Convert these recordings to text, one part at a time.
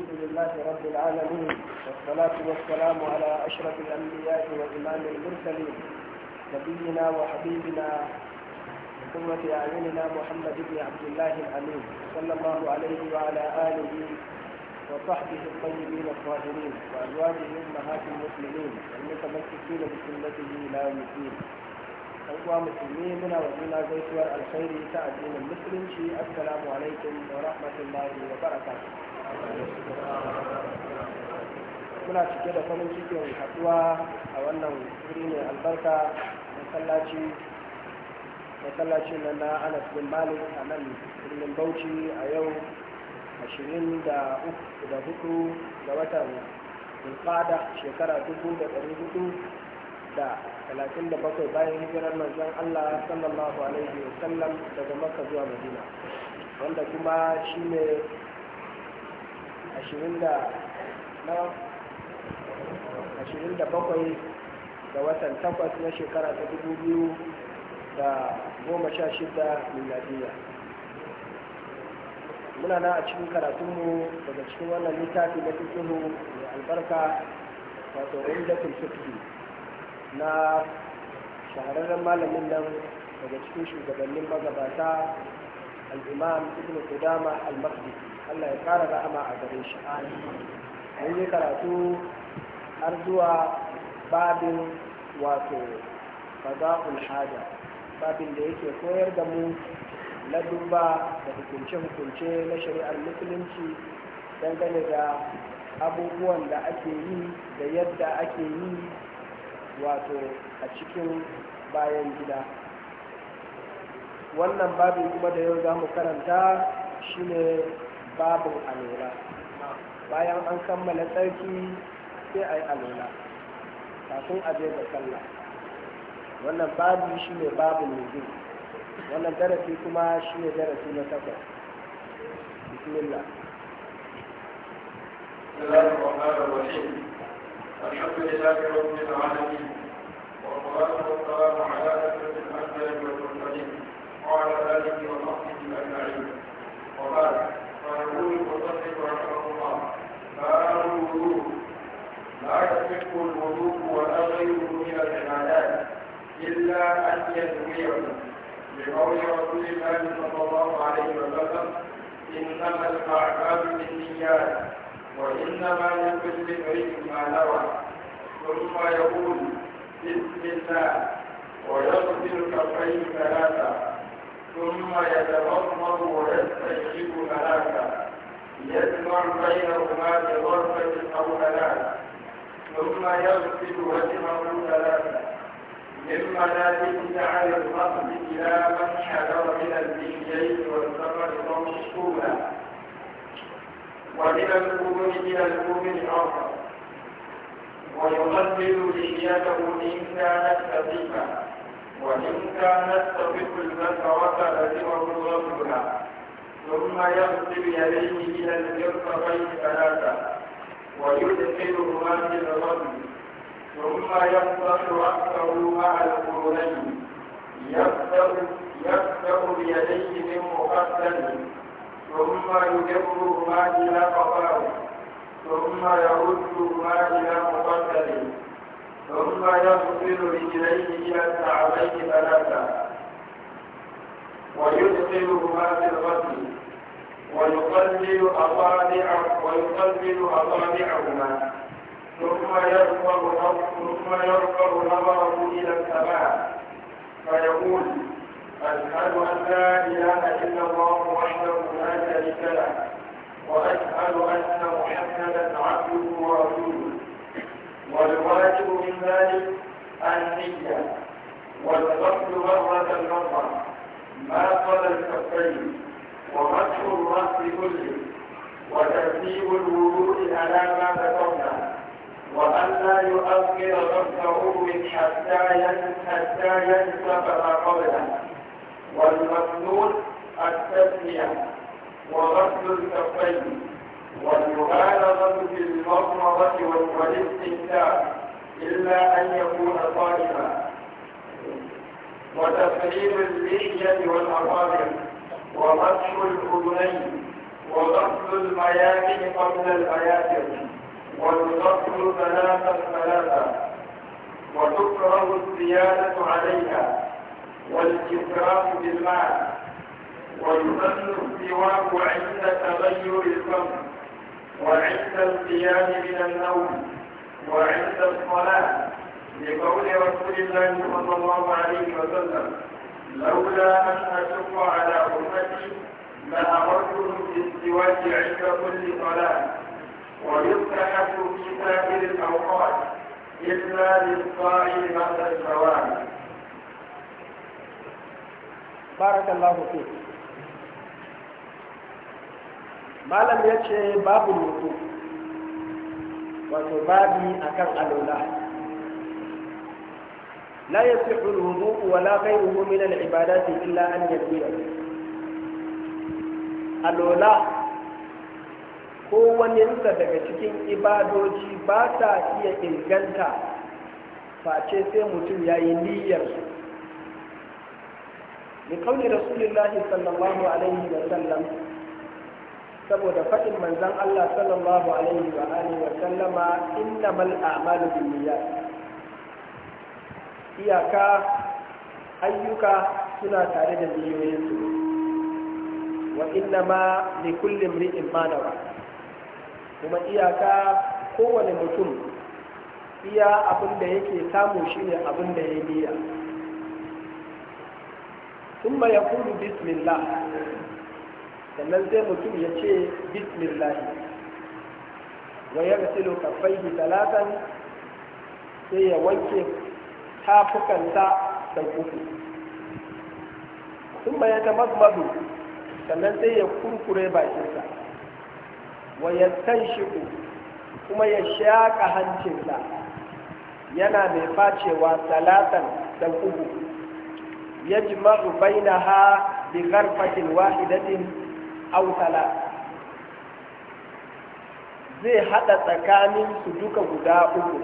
الحمد لله رب العالمين والصلاة والسلام على أشرف الأنبياء وإمام المرسلين نبينا وحبيبنا قوة أعيننا محمد بن عبد الله الأمين صلى الله عليه وعلى آله وصحبه الطيبين الطاهرين وأزواجه أمهات المسلمين المتمسكين بسنته لا يمكن أقوى مسلمين منا ومنا زيتوا الخير تأدين المسلم السلام عليكم ورحمة الله وبركاته muna cike da farin cikin haɗuwa a wannan wuri mai albarka masallaci masallaci na na anas bin malik a nan birnin bauchi a yau ashirin da hudu ga watan zulfada shekara dubu da ɗari da bayan hijirar manzon allah sallallahu alaihi wasallam daga makka zuwa madina wanda kuma shi ne ashirin bakwai ga watan takwas na shekara ta dubu da goma sha shida miladiya muna na a cikin karatunmu daga cikin wannan littafi na fikihu mai albarka wato inda fiqhi na shahararren malamin nan daga cikin shugabannin magabata alimam ibn kudama al-maqdisi Allah ya ƙara rahama a gare shi mun yi karatu har zuwa babin wato fada'ul haja babin da yake koyar da mu na duba da hukunce-hukunce na shari'ar musulunci dangane da abubuwan da ake yi da yadda ake yi wato a cikin bayan gida wannan babin kuma da yau za mu karanta shi ne. babin alola bayan an kammala tsarki sai a yi alola kafin a je ga sallah wannan babu shi ne babin nuzul wannan darasi kuma shi ne darasi na takwas bismillah الحمد لله رب العالمين والصلاة والسلام على أشرف الأنبياء والمرسلين وعلى آله وصحبه أجمعين يقول المصدق رحمه الله باب الوضوء لا يصح الوضوء ولا غيره من العبادات الا ان ينويه لقول رسول الله صلى الله عليه وسلم انما الاعمال بالنيات وانما لكل امرئ نوى ثم يقول بسم الله ويغفر كفيه ثلاثه ثم يتمضمض ويستجيب هلاكا يجمع بينهما بغرفة أو هلاك ثم يغسل وجهه ثلاثة من منازل على الرقم إلى من حذر من البنيين والثمر والصولة ومن الكون إلى الكون آخر ويقلل لحيته إن كانت خفيفة وإن كانت تطف البشرة لزمه غسلها ثم يغسل يديه إلى الكرسبين ثلاثة ويدخلهما في الغسل ثم يفتح رأسه مع القرنين يفتح بيديه من مقدمه ثم يدبرهما إلى قفاه ثم يردهما إلى مقدمه ثم يغسل رجليه إلى الكعبين ثلاثة ويدخلهما في الغسل ويقلل أصابعه ويقلل أصابعهما ثم يرفع ثم يرفع نظره إلى السماء فيقول أشهد أن لا إله إلا الله وحده لا شريك له وأشهد أن محمدا عبده ورسوله والواجب من ذلك النية والغسل مرة مرة ما قبل الكفين ومسح الرأس كله وترتيب الوضوء على ما ذكرنا وأن لا يؤخر غسله من حتى حتى ينسف ما قبله والمسنون التسمية وغسل الكفين والمبالغة في المضمضة والاستمتاع إلا أن يكون صائما وتفريغ اللحية والاراضي ومسح الأذنين وغسل الميامن قبل الأياسر والغسل ثلاثا ثلاثا وتكره الزيادة عليها والإسراف بالماء ويسن السواك عند تغير الفم وعند القيام من النوم وعند الصلاة لقول رسول الله صلى الله عليه وسلم لولا أن أشق على أمتي لأمرتهم بالزواج عند كل صلاة ويستحب في سائر الأوقات إلا للصائم بعد الزواج بارك الله فيك malam ya ce babu mutu. wato babi akan alola la fi hulhudu wa la ghayruhu min alibadati illa an yau alola ko wani daga cikin ibadoji ba ta iya inganta face sai mutum ya yi niyyar su bi kauli rasulullahi sallallahu alaihi wa sallam saboda faɗin manzan Allah sallallahu alaihi wa alihi wa sallama innamal a'malu binniyat iyaka ayyuka suna tare da su wa innama li kulli imri'in ma nawa kuma iyaka kowane mutum iya abin da yake samu shine abin da ya niyya ثم يقول بسم الله sannan sai mutum ya ce bismillahi wa ya gasilu da talatan sai ya wanke tafukanta da uku sun ya ta mazmazu sannan sai ya kurkure bakinsa wa ya tanshiku kuma ya shaƙa hancinsa yana mai facewa talatan da uku ya na ha bi garfatin wahidatin autala zai hada tsakanin su duka guda uku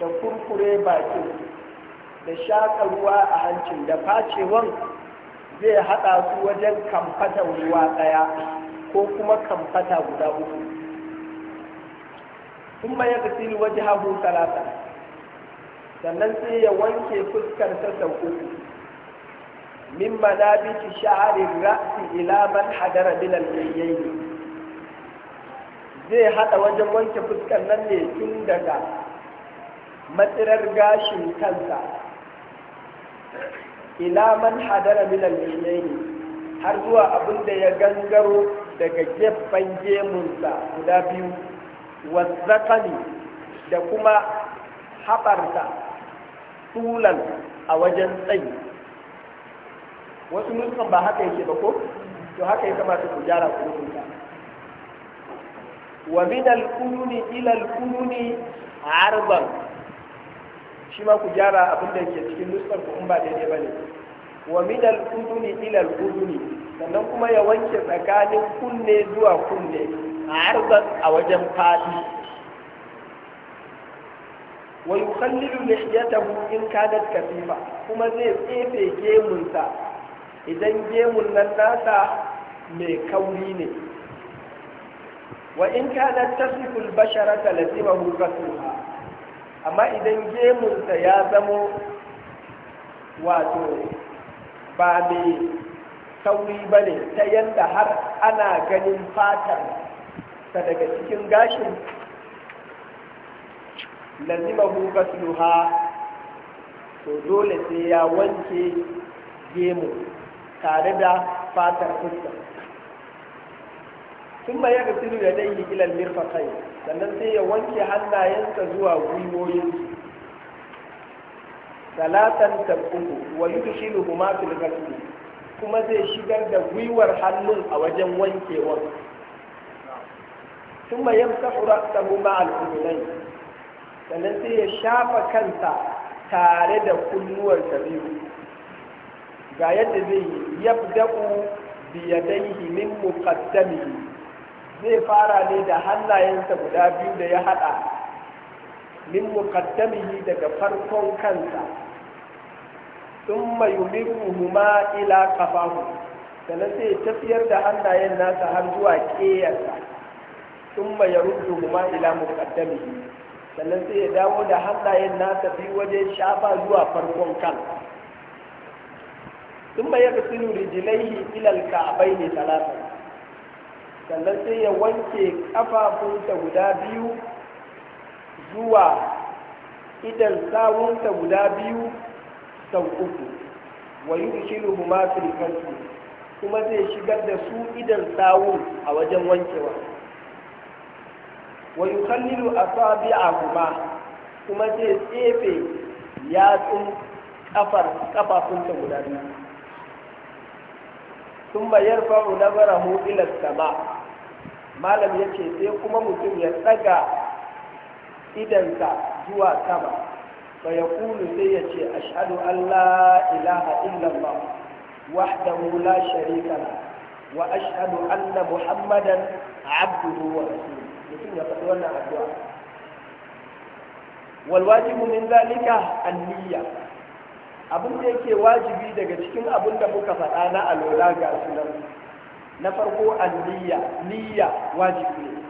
da kurkure bakin da shaƙa ruwa a hancin da facewan zai hada su wajen kamfata ruwa ɗaya ko kuma kamfata guda uku kuma ya tafi waje hagu talata sannan sai ya wanke fuskar ta sau min manabiti sha'arin ra'si ila man hadara min al zai haɗa wajen wanke fuskar nan tun daga matsirar gashin kansa ila man hadara min al har zuwa abin da ya gangaro daga gefen gemunsa guda biyu wazzakani da kuma haɓarta tulan a wajen tsayi wasu nutsan ba haka yake ba ko to haka ya kamata ku gyara ku rubuta wa min al-kununi ila al-kununi arban shi ma ku gyara abin da yake cikin nutsan ku in ba daidai bane wa min al-kununi ila al-kununi sannan kuma ya wanke tsakanin kunne zuwa kunne arban a wajen fadi wa yukhallilu lihiyatahu in kanat kasifa kuma zai tsefe gemunsa idan gemun nan nasa mai kauri ne wa in kana tasiful basharata lazimahu ghasluha amma idan gemunsa ya zamo wato ba mai kauri ba ne ta yadda har ana ganin fatar ta daga cikin gashin lazimahu ghasluha to dole sai ya wanke gemu tare da fatar fuska sun ya ga silu ya dai ilal mirfaqai sannan sai ya wanke hannayensa zuwa gwiwoyinsu salatan tabuku wa yudkhilu huma fil ghasli kuma zai shigar da gwiwar hannun a wajen wankewa ثم يمسح ma مع الأذنين sannan sai ya shafa kansa tare da kunnuwarsa biyu ga yadda zai yi yabda'u biya dai min muqaddamihi zai fara ne da hannayensa guda biyu da ya hada min muqaddamihi daga farkon kansa thumma ma ila qafahu sannan sai tafiyar da hannayen nasa har zuwa ƙeyarsa thumma ma ila muqaddamihi sannan sai ya dawo da hannayen nasa biyu wajen shafa zuwa farkon kansa ثم يغسل رجليه الى الكعبين ثلاثه sannan sai ya wanke ƙafafunsa guda biyu zuwa idan sawunsa guda biyu sau uku wa yudkhiluhu ma fil kalbi kuma zai shigar da su idan sawun a wajen wankewa wa yukhallilu asabi'ahuma kuma zai tsefe yatsun kafar guda biyu sun bayar fa'u na bara hu sama malam ya ce sai kuma mutum ya tsaga idansa zuwa sama fa ya kulu sai yace ce ashadu allah ilaha illallah wahdahu la sharika la wa ashadu anna muhammadan mutum ya والواجب من ذلك النية abin da yake wajibi daga cikin abin da muka faɗa na alola ga sunan na farko aliyya niyya wajibi ne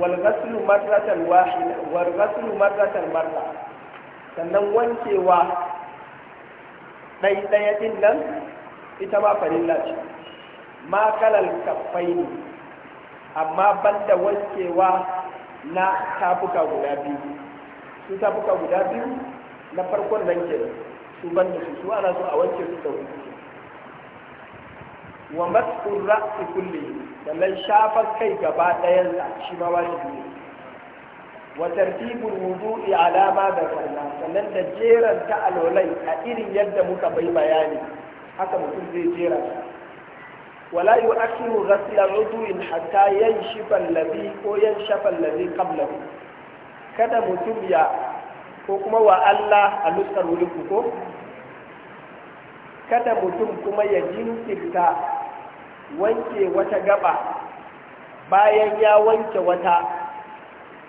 wal ghaslu marratan wahida wal ghaslu marratan marra sannan wankewa ɗai ɗaya din nan ita ma farilla ce ma kalal ne, amma banda wankewa na tafuka guda biyu su tafuka guda biyu na farkon nan kenan su ban da su su ana so a wanke su da wani wa matsur ra'si kulli sannan shafar kai gaba ɗayan shi ma wajibi ne wa tartibul wudu'i ala ma da farna sannan da jeran ta alwalai a irin yadda muka bai bayani haka mutum zai jera wala yu'akhiru ghasla wudu'in hatta yanshifa alladhi ko yanshafa alladhi qablahu kada mutum ya ko kuma wa Allah a nutsar wurin ku ko kada mutum kuma ya jinkirta wanke wata gaba bayan ya wanke wata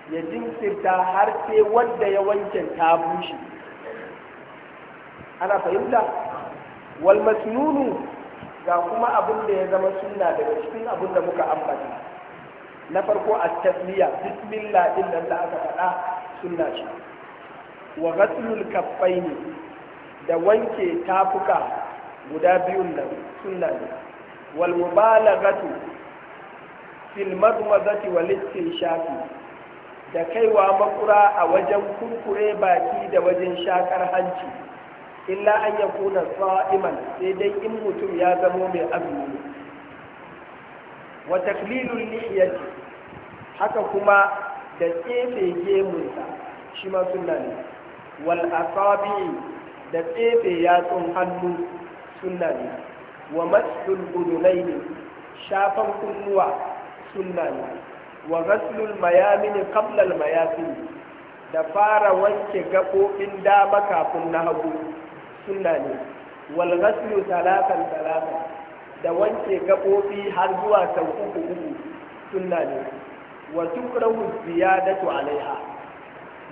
ya jinkirta har sai wadda ya wanke ta bushe ana fahimta wal masnunu ga kuma abin da ya zama suna daga cikin abin da muka ambata na farko a tasmiya bismillah din da aka faɗa suna shi. wa kafai kaffaini da wanke tafuka guda biyun nan sunna ne wal mubalaghatu fil madmadati wal istinshafi da kaiwa makura a wajen kurkure baki da wajen shakar hanci illa an ya kuna sa'iman sai dai in mutum ya zamo mai azumi wa taklilul lihiyati haka kuma da tsefe gemunsa shi ma sunna ne wal asabi da tsefe yatsun hannu suna ne wa masul ne, shafan kunnuwa suna ne wa matsul mayami ne al mayafi da fara wanke gaɓoɓin dama kafin na hagu suna ne wal matsul talatan talata da wanke gaɓoɓi har zuwa sau uku uku ne wa tukrahu ziyadatu alaiha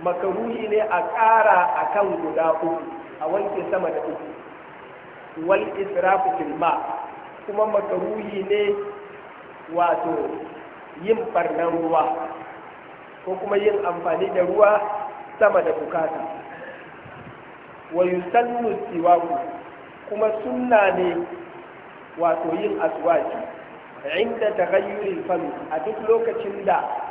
makaruhi ne a ƙara a kan guda uku a wanke sama da uku wal israfu fil ma kuma makaruhi ne wato yin farnan ruwa ko kuma yin amfani da ruwa sama da bukata wa yusallu siwaku kuma sunna ne wato yin aswaki inda ta fami a duk lokacin da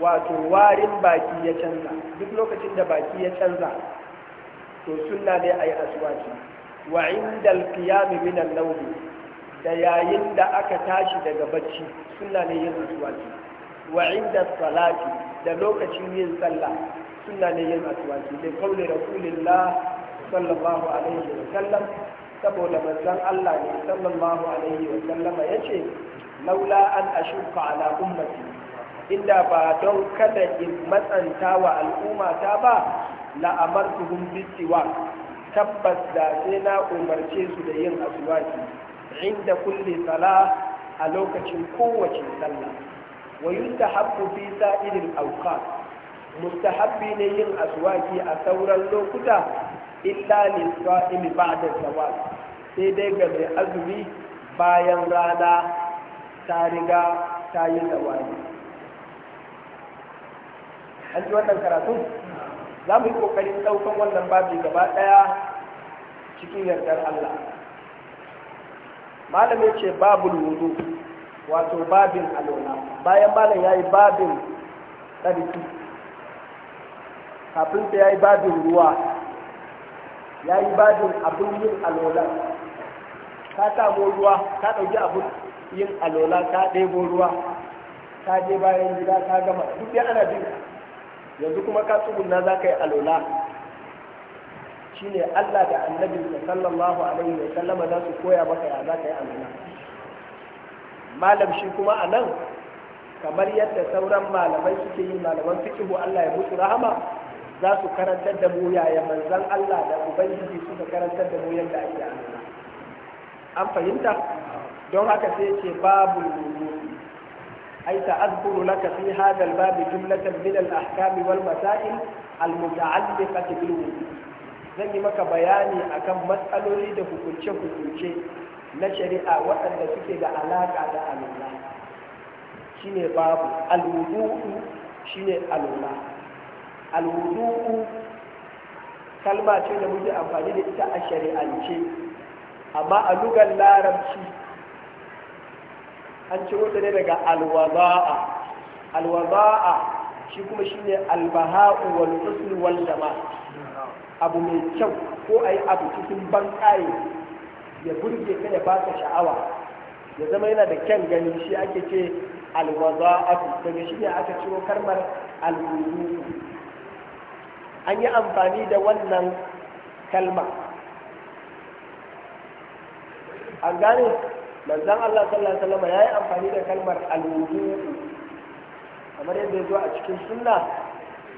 wato warin baki ya canza duk lokacin da baki ya canza to sunna ne a yi aswaki wa indal alkiyami min al-nawmi da yayin da aka tashi daga bacci sunna ne yin aswaki wa inda salati da lokacin yin sallah sunna ne yin aswaki da kauli rasulillah sallallahu alaihi wa sallam saboda manzon Allah ne sallallahu alaihi wa sallama yace laula an ashuqa ala ummati inda ba don kada in matsanta wa al'ummata ba la'amartuhum bisiwa tabbas da sai na umarce su da yin azwaji inda kulli sala a lokacin kowace sallah wa yustahabbu fi sa'iril awqat mustahabbi ne yin azwaji a sauran lokuta illa lis ba'da zawal sai dai ga mai azumi bayan rana ta riga ta yi zawali an ji wannan karatun za mu yi ƙoƙarin daukan wannan babi gaba ɗaya cikin yardar Allah malam ya ce babul wudu wato babin alona bayan malam ya yi babin tsarki kafin ta ya yi babin ruwa ya yi babin abin yin alola ka samu ruwa ka ɗauki abin yin alola ka ɗebo ruwa ka je bayan gida ka gama duk ya ana jin yanzu kuma ka tsugunna za ka yi alola ne Allah da da sallallahu alaihi wa sallama za su koya maka ya za ka yi alola malam shi kuma a nan kamar yadda sauran malamai suke yi malaman fikihu Allah ya mutu rahama za su karantar da mu yaya manzan Allah da ubangiji suka karantar da mu yadda ake alola an fahimta don haka sai ce babu lulu حيث أذكر لك في هذا الباب جملة من الأحكام والمسائل المتعلقة بالوضوء zan yi maka bayani akan matsaloli da hukunce-hukunce na shari'a waɗanda suke da alaƙa da alula shine babu alwudu'u shine alula alwudu'u kalma ce da muke amfani da ita a shari'ance amma a larabci an ciro ta ne daga alwaza'a alwaza'a shi kuma ne albaha'u wal husn wal jama abu mai kyau ko ayi abu cikin ban ya burge ka ya baka sha'awa ya zama yana da kyan gani shi ake ce alwaza'a daga shi ne aka ciro karmar alwuzu an yi amfani da wannan kalma A gane manzon Allah sallallahu alaihi wasallam yayi amfani da kalmar alwudu kamar yadda ya zo a cikin sunna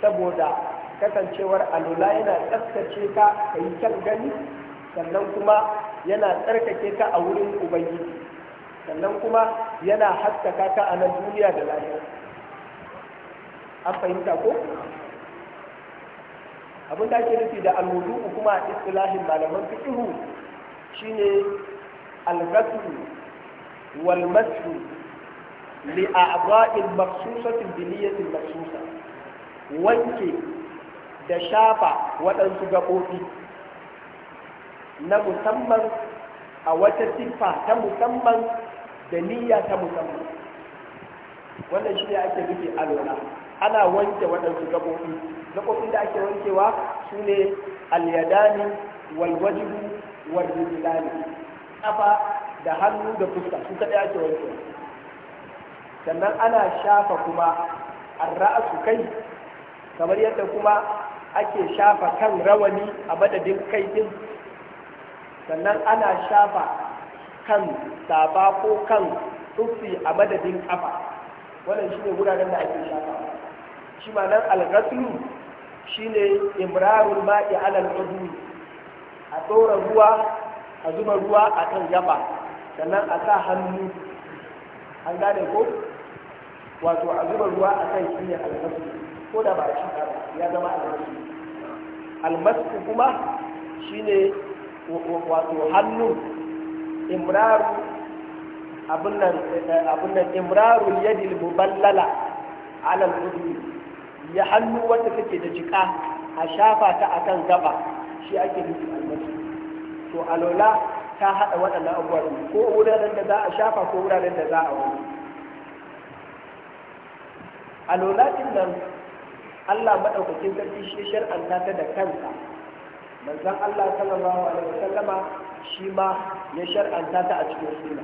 saboda kasancewar alula yana tsaftace ka yi kyan gani sannan kuma yana tsarkake ka a wurin ubangiji sannan kuma yana haskaka ka a nan duniya da lahira an fahimta ko abin da ake nufi da alwudu kuma a istilahin malaman fiqhu shine al والمسح لأعضاء مخصوصة بنية مخصوصة wanke da shafa waɗansu gaɓoɓi na musamman a wata siffa ta musamman da niyya ta musamman wannan shi ne ake nufi alola ana wanke waɗansu gaɓoɓi gaɓoɓin da ake wankewa su ne alyadani walwajibu warjulani ƙafa da hannu da fuska su ɗaya ke wanke sannan ana shafa kuma arra'asu kai kamar yadda kuma ake shafa kan rawani a madadin kai din sannan ana shafa kan safa ko kan tuffi a madadin kafa wannan shine wuraren da ake shafa shi ma nan alghaslu shine imrarul ma'i alal udwi a tsora ruwa a zuba ruwa akan kan yaba sannan a sa hannu an gane ko wato a zuba ruwa a kan shi ne almasu ko da ba a shi ba ya zama almasu almasu kuma shi ne wato hannu imraru abin eh, nan imraru yadil muballala alal hudu ya hannu wanda take da jika a shafa ta akan gaba shi ake nufi almasu to alola Ka haɗa waɗannan abubuwa ko wuraren da za a shafa ko wuraren da za a wuri a lolatin nan Allah maɗaukakin sarki shi shar'anta ta da kanka, manzan Allah sallallahu alaihi wasallama shi ma ya shar'anta ta a cikin suna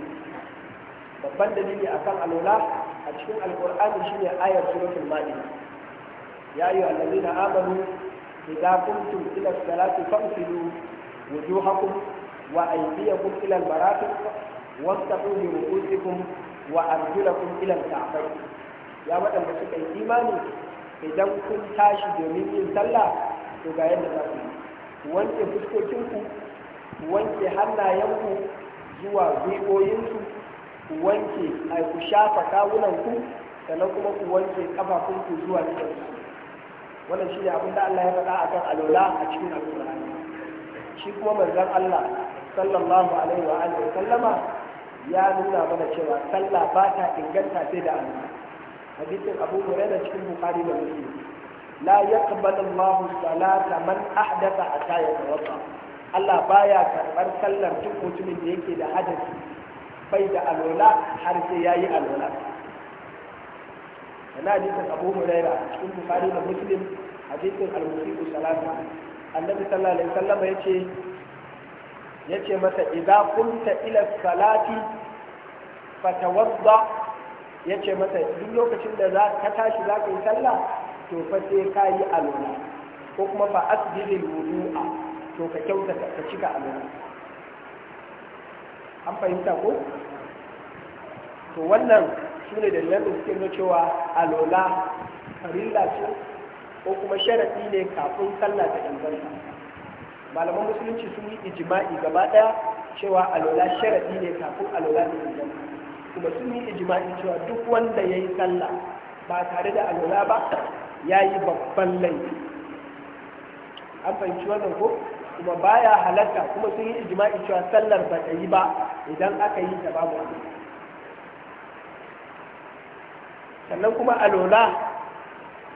babban dalili akan alola a cikin alqur'ani shine ayar suratul mai ya wa na amanu idza kuntum ila salati fagsilu wujuhakum وأيديكم إلى المرافق واستقوا برؤوسكم وأرجلكم إلى الكعبين يا ودن بسكي إيماني إذا كنت تاشي دومين إن صلى تغير نفسي wanke fuskokinku wanke hannayenku zuwa ku wanke a ku shafa kawunanku sannan kuma ku wanke kafafunku zuwa cikinsu wannan shi ne abin da Allah ya faɗa a kan alola a cikin alƙur'ani shi kuma manzon Allah sallallahu alaihi wa alihi sallama ya nuna mana cewa sallah ba ta inganta sai da annabi hadisin Abu Hurairah cikin Bukhari da Muslim la yaqbalu Allahu salata man ahdatha hatta yatawadda Allah baya karbar sallar duk mutumin da yake da hadasi bai da alwala har sai yayi alwala kana hadisin Abu Hurairah cikin Bukhari da Muslim hadisin al-musii'u salata annabi sallallahu alaihi wasallam yace yace masa idza kunta ila salati fatawadda yace masa duk lokacin da za ka tashi za ka yi sallah to fa sai ka yi alwala ko kuma fa asbidil wudu'a to ka kyauta ka cika alwala an fahimta ko to wannan su ne dalilan da suke nuna cewa alwala farilla ce ko kuma sharaɗi ne kafin sallah ta inganta malaman musulunci sun yi ijima'i gaba daya cewa alola sharadi ne kafin alola da inganta kuma sun yi ijima'i cewa duk wanda ya yi sallah ba tare da alola ba ya yi babban laifi an fahimci wannan ko kuma baya halatta kuma sun yi ijima'i cewa sallar ba ta yi ba idan aka yi ta babu sannan kuma alola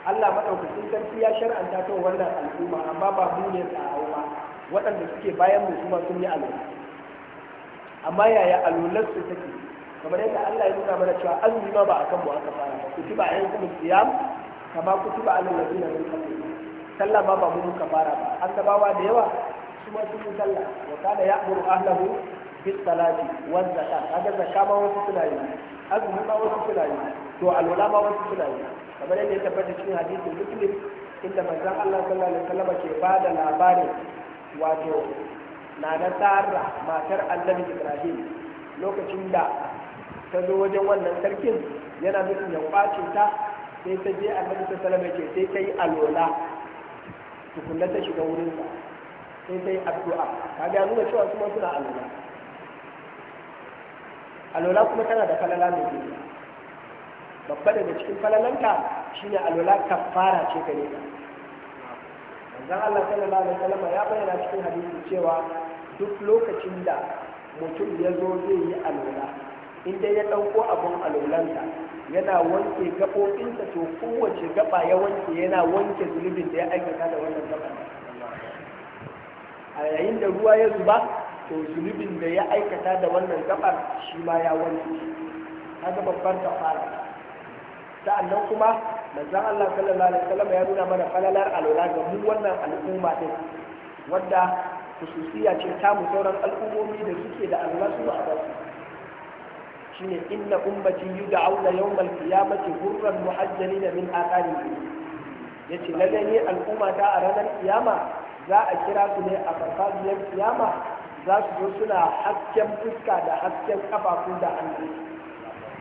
Allah maɗaukacin sarki ya shar'anta ta wannan al'umma amma ba mu ne tsawo ba waɗanda suke bayan mu kuma sun yi alwala amma yaya alulan su take kamar yadda Allah ya nuna mana cewa azumi ma ba a kan mu aka fara ba kutiba a yanzu mun siyam kama tuba alal ladina min qabli sallah ba ba mu ka fara ba annabawa da yawa su ma sun yi sallah wa kana ya'muru ahlahu bis salati wa zakat kaga zakat ma wasu suna yi azumi ma wasu suna yi to alwala ma wasu suna yi kamar yadda ya tabbata cikin hadisin muslim inda manzon Allah sallallahu alaihi wasallam ke bada labarin wato na na tsara matar annabi ibrahim lokacin da ta zo wajen wannan sarkin yana nufin ya kwace ta sai ta je annabi ta salama ce sai ta yi alola tukunna ta shiga wurinsa sai ta yi addu'a ta ga nuna cewa kuma suna alola alola kuma tana da falala mai girma babba daga cikin falalanka shine alola kafara ce gare dan Allah sallallahu alaihi wasallam ya bayyana cikin hadisi cewa duk lokacin da mutum ya zo zai yi alwala inda ya ɗauko abun alwalansa yana wanke gabobinsa to kowace gaba ya wanke yana wanke zunubin da ya aikata da wannan gaba a yayin da ruwa ya zuba to zulubin da ya aikata da wannan gabar shi ma ya wanke haka babbar ta sa'annan kuma manzon Allah sallallahu alaihi wasallam ya nuna mana falalar alwala ga mu wannan al'umma din wadda khususiya ce ta mu sauran al'ummomi da suke da Allah su ba a shine inna ummati yud'auna yawmal qiyamati hurran muhajjalina min aqali yace lalle ne al'umma ta a ranar kiyama za a kira su ne a farfajiyar kiyama za su zo suna hasken fuska da hasken kafafu da hannu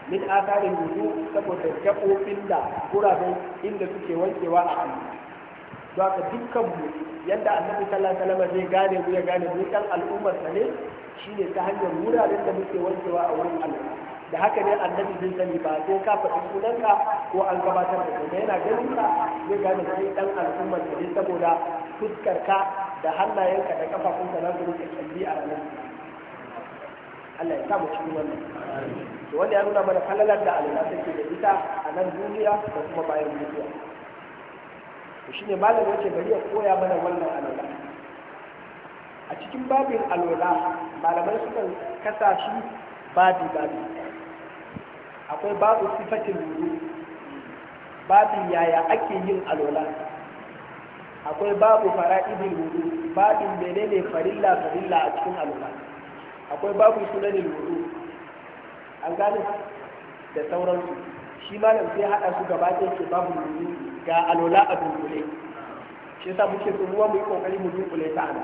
min asarin wudu saboda gaɓoɓin da guraben inda suke wankewa a hannu to aka dukkan mu yadda annabi sallallahu alaihi wasallam zai gane mu ya gane mu kan al'ummar sa ne shine ta hanyar wuraren da muke wankewa a wurin Allah da haka ne annabi zai sani ba sai ka faɗi sunanka ko an gabatar da kai yana ganin ka zai gane kai dan al'ummar sa ne saboda fuskar ka da hannayenka da kafafunka za su rike kalli a ranar Allah ya samu cikin wannan to wanda ya nuna mana halalar da Allah take da ita a nan duniya da kuma bayan duniya to shine malam yake bari ya koya mana wannan alwala a cikin babin alwala malamai sukan kasa shi babi babi akwai babu sifatin wudu babin yaya ake yin alwala akwai babu fara'idin wudu babin menene farilla farilla a cikin alwala akwai babu sunanin wudu an gane da sauransu shi malam sai haɗa su gaba ɗaya ke babu wudu ga alola a dunkule shi sa muke su ruwa mu yi kokari mu dunkule ta ana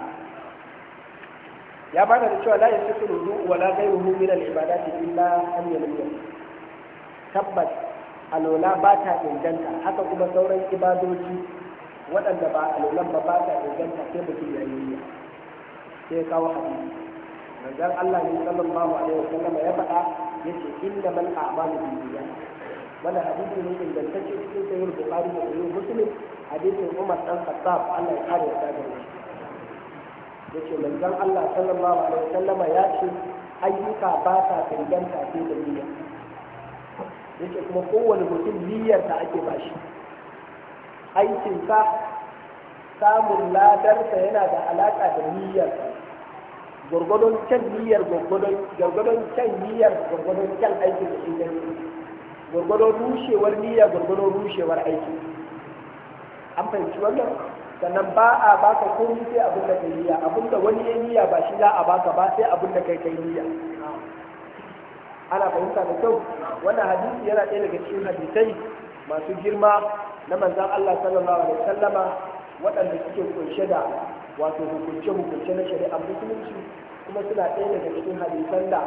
ya bada da cewa la yasifu wudu wa la ghayruhu min al ibadati illa an yamliya tabbas alola ba ta inganta haka kuma sauran ibadoji waɗanda ba alolan ba ba ta inganta sai mutum ya yi sai kawo hadisi manzon Allah ne sallallahu alaihi wasallam ya faɗa yace inna mal a'malu binniyat wannan hadisi ne ingantacce cikin sahih bukhari da sahih muslim hadisin Umar dan Khattab Allah ya kare ya da shi yace manzon Allah sallallahu alaihi wasallam ya ce ayyuka ba sa danganta sai da niyya yace kuma kowane mutum niyyar ta ake bashi aikinsa samun ladarsa yana da alaƙa da niyyarsa gwargwadon can niyyar gorgodon gwargwadon can niyyar gwargwadon can aikin da inganci gorgodon rushewar niyya gorgodon rushewar aiki an fahimci wannan sannan ba a baka komai sai abin da kai niyya abin da wani ya niyya ba shi za a baka ba sai abin da kai kai niyya ana fahimta da kyau wannan hadisi yana ɗaya daga cikin hadisai masu girma na manzon Allah sallallahu alaihi wasallama waɗanda suke kunshe da wato hukunce-hukunce na shari'ar musulunci kuma suna ɗaya daga cikin hadisan da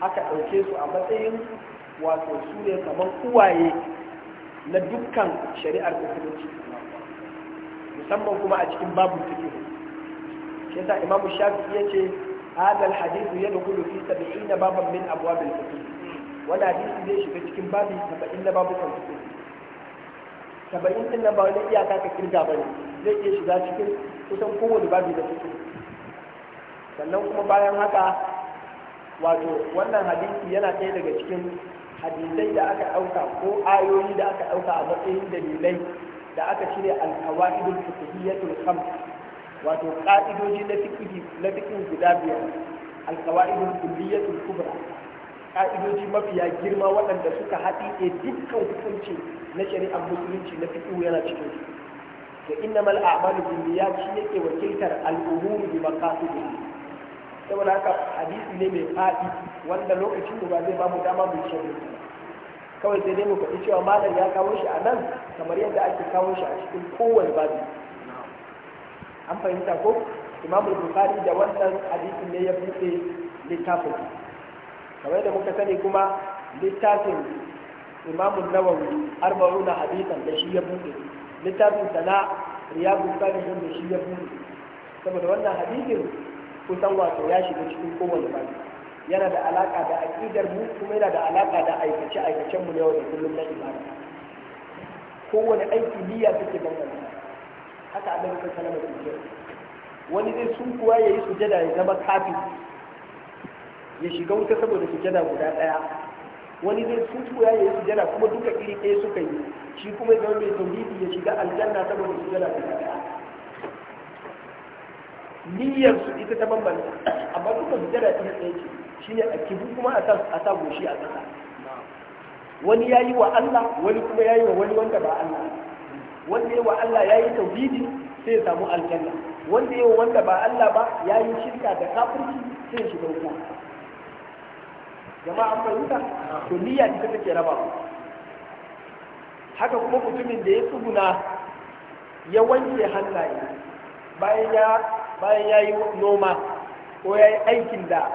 aka ɗauke su a matsayin wato su ne kamar uwaye na dukkan shari'ar musulunci musamman kuma a cikin babu fiqh shi yasa imamu shafi'i yace hadha alhadithu yadkhulu fi 70 baban min abuwa abwab alfiqh wala hadisi zai shiga cikin babi 70 na babu fiqh saba'in din nan ba wani iyaka ka kirga ba ne zai iya shiga cikin kusan kowane babi da suke sannan kuma bayan haka wato wannan hadisi yana ɗaya daga cikin hadisai da aka ɗauka ko ayoyi da aka ɗauka a matsayin dalilai da aka cire alkawaidul fiqhiyyatul khams wato ka'idoji na fiqh na fiqh guda biyar alkawaidul kulliyatul kubra ka'idoji mafiya girma waɗanda suka haɗi dukkan hukunci na shari'ar musulunci na fito yana cikin su to innamal a'malu binniyat shi yake wakiltar al'umuru bi maqasidihi saboda haka hadisi ne mai faɗi wanda lokacin da ba zai ba mu dama mu shirya kawai sai dai mu faɗi cewa malam ya kawo shi a nan kamar yadda ake kawo shi a cikin kowane babu an fahimta ko imamul bukhari da wannan hadisin ne ya buɗe littafin kamar da muka sani kuma littafin imamun nawawi arba'una hadisan da shi ya buɗe littafin sana riyadu salihin da shi ya buɗe saboda wannan hadisin kusan wato ya shiga cikin kowane bani yana da alaka da aƙidar mu kuma yana da alaka da aikace aikacen mu yau da kullum na ibada kowane aiki niyya take bambanta haka annabi sallallahu alaihi wasallam wani zai sun kuwa yayi sujada ya zama kafin ya shiga wuta saboda su jada guda ɗaya wani zai tutu ya yi su jada kuma duka iri ɗaya suka yi shi kuma zama mai tauhidi ya shiga aljanna saboda su jada guda ɗaya niyyar su ita ta bambanta amma duka su jada iri ɗaya ce shi ne a kibu kuma a sa goshi a ƙasa wani ya yi wa Allah wani kuma ya yi wa wani wanda ba Allah wanda ya wa Allah ya yi tauhidi sai ya samu aljanna wanda ya wa wanda ba Allah ba ya yi shirka da kafirci sai ya shiga wuta jama'a an fahimta to niyya ita take raba haka kuma mutumin da ya tsuguna ya wanke hannaye bayan ya yi noma ko ya yi aikin da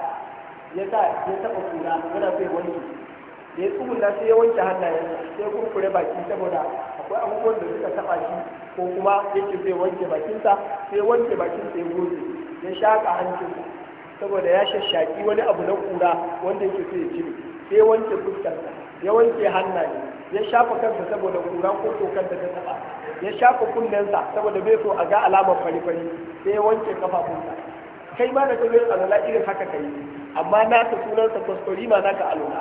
ya sa ya taɓa kula yana sai wani. wanke da ya tsuguna sai ya wanke hannaye sai kurkure baki saboda akwai abubuwan da suka taɓa shi ko kuma yake sai wanke bakinsa sai wanke bakinsa ya goge ya shaƙa hancinsa saboda ya shashaki wani abu na kura wanda yake sai ya cire sai wanke fuskarsa ya wanke hannaye ya shafa kansa saboda kura ko tokar da ta taba ya shafa kunnensa saboda bai so a ga alamar fari-fari sai ya wanke kafafunsa kai ma da ka zai alala irin haka ka yi amma naka sunansa kwaskwari ma naka alala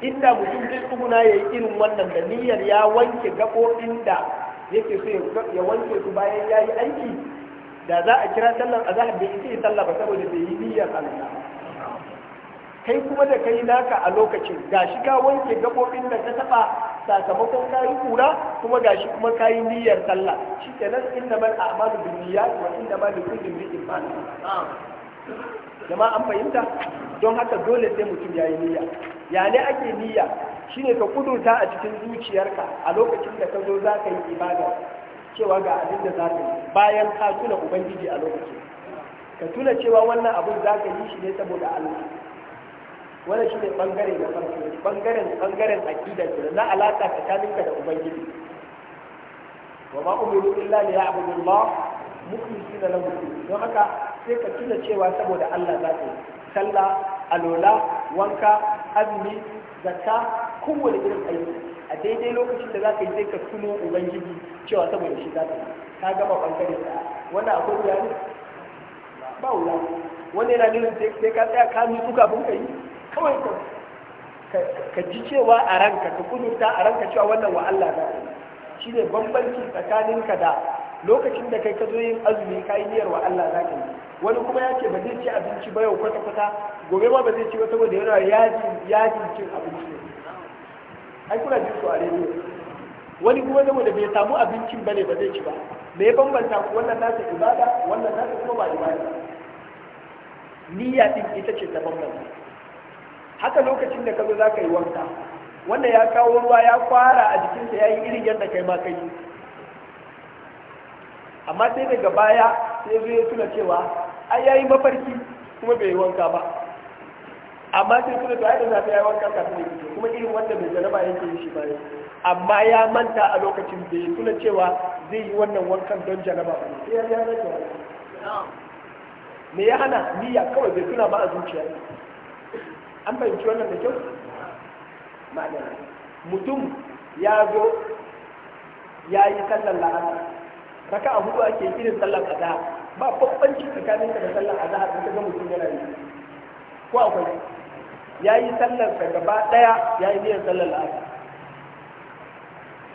inda mutum zai tsuguna ya yi irin wannan da niyyar ya wanke gaɓoɓin da yake so ya wanke su bayan ya yi aiki da za a kira sallar a azhar bai ita salla ba saboda bai yi niyyar alwala kai kuma da kai naka a lokacin gashi ka wanke gabobin da ka taba sakamakon kayi kura kuma gashi kuma ka yi niyyar sallah shikenan innamal a'malu binniyat wa innamal likulli imrin ma an fahimta don haka dole sai mutum ya yi niyya ya ne ake niyya shine ka kudurta a cikin zuciyarka a lokacin da ka zo za ka yi ibada cewa ga abin da za ka yi bayan ka tuna ubangiji a lokacin ka tuna cewa wannan abin za ka yi shi ne saboda allah wannan shi ne bangare na farko bangaren bangaren aqida da na alaka kaminka da ubangiji wa ma umiru illa ne ya abu li ya'budu da na lahu don haka sai ka tuna cewa saboda allah za ka yi sallah alola wanka azumi zakka kowane irin aiki a daidai lokacin da za ka yi sai ka tuno ubangiji cewa saboda shi za ka yi ka gama bangare da wannan akwai wuya ne ba wuya wani yana nuna sai ka tsaya ka nutsu kafin ka yi kawai ka ji cewa a ranka ka kudurta a ranka cewa wannan wa Allah za shi ne bambanci ka da lokacin da kai ka zo yin azumi ka yi niyyar wa Allah za ka yi wani kuma ya ce ba zai ci abinci ba yau kwata-kwata gobe ma ba zai ci ba saboda yana yajin cin abinci ai kuna jin su a rediyo wani kuma da bai samu abincin bane ba zai ci ba me ya bambanta ku wannan nasa ibada wannan nasa kuma ba ibada niyya din ita ce ta bambanta haka lokacin da ka zo za ka yi wanka wanda ya kawo ruwa ya fara a jikinsa ya yi irin yadda kai ma ka yi amma sai daga baya sai zo ya tuna cewa ai yayi mafarki kuma bai yi wanka ba amma sai kuma da da zafi ya wanka kafin ya fito kuma irin wanda mai ba yake yi shi ne. amma ya manta a lokacin da ya tuna cewa zai yi wannan wankan don jaraba. ba sai ya ya rage wannan me ya hana niyya kawai bai tuna ba a zuciya an fahimci wannan da kyau ma'ana mutum ya zo ya yi sallar la'ana raka a hudu ake irin sallar azhar ba babbanci tsakaninka da sallar azhar da ka ga mutum yana yi ko akwai ya yi sa gaba ɗaya ya yi niyan sallar la'asar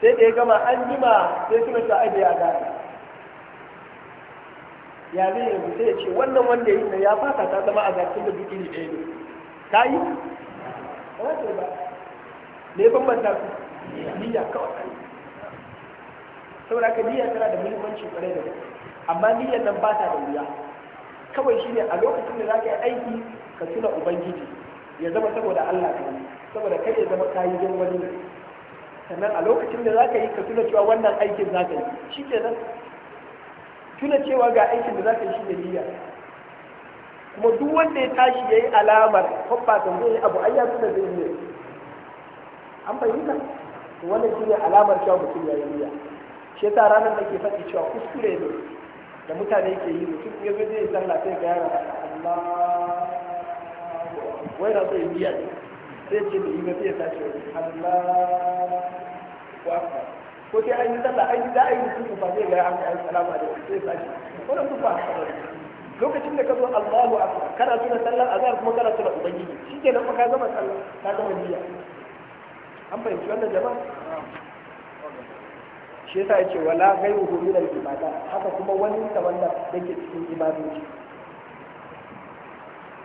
sai da ya gama an jima sai suna ta aje a gari ya zai yanzu sai ya ce wannan wanda ya yi ya fasa ta zama a zartun da duk iri ɗaya ne ka yi ba ne bambanta su niyya kawai saboda ka niyya tana da muhimmanci kwarai da gaske amma niyyar nan ba ta da wuya kawai shine a lokacin da za ka yi aiki ka tuna ubangiji ya zama saboda Allah ka yi saboda kai ya zama kayi don wani ne sannan a lokacin da za ka yi ka tuna cewa wannan aikin za ka yi shi nan tuna cewa ga aikin da za ka yi shi da niyya kuma duk wanda ya tashi ya yi alamar ta zai yi abu ai ya tuna zai yi an fahimta wannan shi ne alamar cewa mutum ya yi niyya shi yasa ranar da ke faɗi cewa kuskure ne da mutane ke yi mutum ya zo zai sallah sai ga yaran Allah wai na zai biya ne sai ce da yi mafi ya tashi Allah wa ko sai an yi sallah an yi za a yi sun ba zai ga an yi salama da sai ya tashi wannan sun ba lokacin da ka zo Allahu akbar kana tuna sallar azhar kuma kana tuna ubangiji ke fa ka gama sallah ka gama biya an fahimci wannan jama'a shi yasa yace wala ghayruhu min al-ibadat haka kuma wani ta wanda yake cikin ibadoci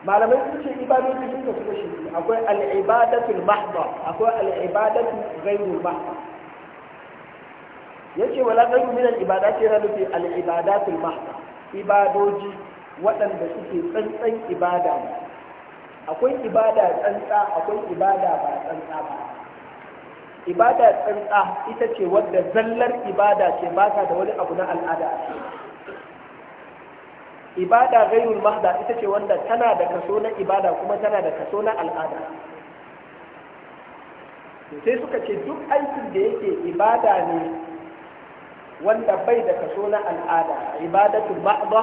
malamai sun ce ibadoji sun kasu shi akwai al'ibadatul mahdha akwai al'ibadatu ghairul mahdha yace wala ghairu min ce yana nufi al'ibadatul mahdha ibadoji waɗanda suke tsantsan ibada ba akwai ibada tsantsa akwai ibada ba tsantsa ba ibada tsantsa ita ce wadda zallar ibada ce ba da wani abu na al'ada ibada gairul mahda ita ce wanda tana da kaso na ibada kuma tana da kaso na al'ada sai suka ce duk aikin da yake ibada ne wanda bai da kaso na al'ada ibadatu ba'da